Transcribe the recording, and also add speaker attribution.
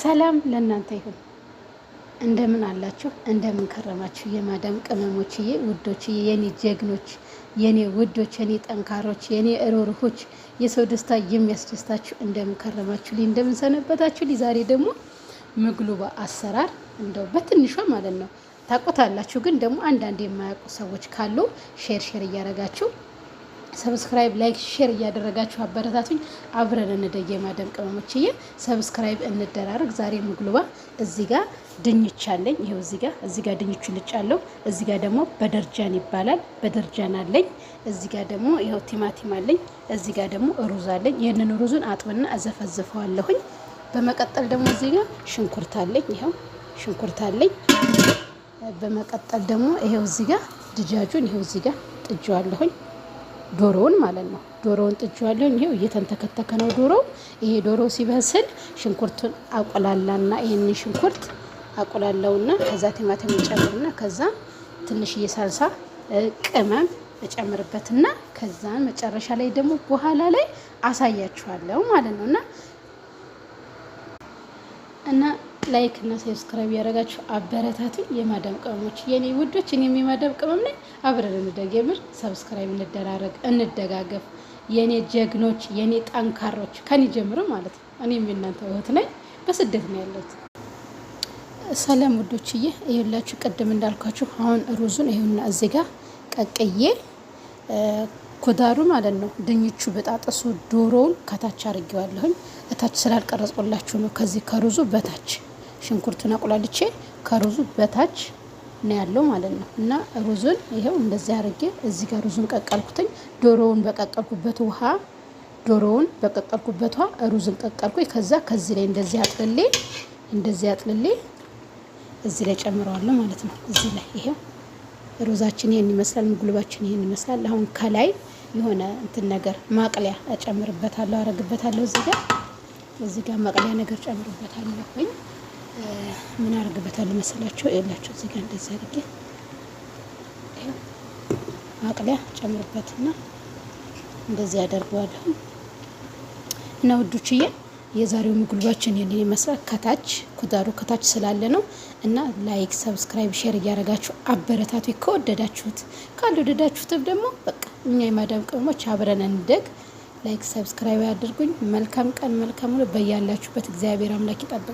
Speaker 1: ሰላም ለእናንተ ይሁን። እንደምን አላችሁ? እንደምን ከረማችሁ? የማዳም ቅመሞችዬ፣ ውዶችዬ፣ የኔ ጀግኖች፣ የኔ ውዶች፣ የኔ ጠንካሮች፣ የኔ እሮርሆች፣ የሰው ደስታ የሚያስደስታችሁ እንደምን ከረማችሁ? ሊ እንደምን ሰነበታችሁ? ዛሬ ደግሞ ምግሉባ አሰራር እንደው በትንሿ ማለት ነው ታቆታላችሁ። ግን ደግሞ አንዳንድ የማያውቁ ሰዎች ካሉ ሼር ሼር እያረጋችሁ ሰብስክራይብ፣ ላይክ፣ ሼር እያደረጋችሁ አበረታቱኝ። አብረን እንደየ የማደም ቅመሞችዬ ሰብስክራይብ እንደራረግ። ዛሬ ምግሉባ እዚህ ጋር ድንች አለኝ። ይኸው እዚህ ጋር እዚህ ጋር ድንቹ ልጫለሁ። እዚህ ጋር ደግሞ በደርጃን ይባላል በደርጃን አለኝ። እዚህ ጋር ደግሞ ይኸው ቲማቲም አለኝ። እዚህ ጋር ደግሞ ሩዝ አለኝ። ይህንን ሩዙን አጥብና አዘፈዝፈዋለሁኝ። በመቀጠል ደግሞ እዚህ ጋር ሽንኩርት አለኝ። ይኸው ሽንኩርት አለኝ። በመቀጠል ደግሞ ይኸው እዚህ ጋር ድጃጁን ይኸው እዚህ ጋር ጥጄዋለሁኝ። ዶሮውን ማለት ነው። ዶሮውን ጥጄዋለሁኝ። ይሄው እየተንተከተከ ነው ዶሮ። ይሄ ዶሮ ሲበስል ሽንኩርቱን አቆላላና ይሄን ሽንኩርት አቆላላውና ከዛ ቲማቲም ጨምርና ከዛ ትንሽ እየሳልሳ ቅመም እጨምርበትና ከዛን መጨረሻ ላይ ደግሞ በኋላ ላይ አሳያችኋለሁ ማለት ነው እና እና ላይክ እና ሰብስክራይብ ያደረጋችሁ አበረታቱ። የማዳም ቅመሞች የኔ ውዶች፣ እኔም የማዳም ቅመም ነኝ። አብረን እንደግ፣ የምር ሰብስክራይብ እንደራረግ፣ እንደጋገፍ። የኔ ጀግኖች፣ የኔ ጠንካሮች፣ ከኔ ጀምሮ ማለት ነው። እኔም የእናንተ እህት ነኝ፣ በስደት ነው ያለሁት። ሰላም ውዶችዬ፣ ይኸውላችሁ ቅድም እንዳልኳችሁ አሁን ሩዙን ይኸውና እዚህ ጋር ቀቅዬ ኮዳሩ ማለት ነው። ድንቹ፣ በጣጥሱ ዶሮውን ከታች አድርጌዋለሁኝ። እታች ስላልቀረጽኩላችሁ ነው ከዚህ ከሩዙ በታች ሽንኩርቱን አቁላልቼ ከሩዙ በታች ነው ያለው ማለት ነው። እና ሩዙን ይሄው እንደዚህ አድርጌ እዚህ ጋር ሩዙን ቀቀልኩትኝ። ዶሮውን በቀቀልኩበት ውሃ ዶሮውን በቀቀልኩበት ውሃ ሩዝን ቀቀልኩኝ። ከዛ ከዚህ ላይ እንደዚህ አጥልሌ እንደዚህ አጥልሌ እዚህ ላይ ጨምረዋለሁ ማለት ነው። እዚህ ላይ ይሄው ሩዛችን ይሄን ይመስላል። ምግሉባችን ይሄን ይመስላል። አሁን ከላይ የሆነ እንትን ነገር ማቅለያ እጨምርበታለሁ፣ አረግበታለሁ። እዚህ ጋር እዚህ ጋር ማቅለያ ነገር ጨምርበታለሁ። ምን አደርግበታለሁ መሰላችሁ? ይኸውላችሁ እዚህ ጋር እንደዚህ አድርጌ ማቅለያ ጨምርበትና እንደዚህ አደርገዋለሁ። እና ውዶችዬ የዛሬው ምግባችን ይህንን ይመስላል። ከታች ኩዳሩ ከታች ስላለ ነው እና ላይክ፣ ሰብስክራይብ፣ ሼር እያደረጋችሁ አበረታቱ። ከወደዳችሁት ካልወደዳችሁትም ደግሞ በቃ እኛ የማዳም ቅመሞች አብረን እንደግ። ላይክ፣ ሰብስክራይብ አድርጉኝ። መልካም ቀን፣ መልካም ሁሉ በያላችሁበት እግዚአብሔር አምላክ ይጠብቅ።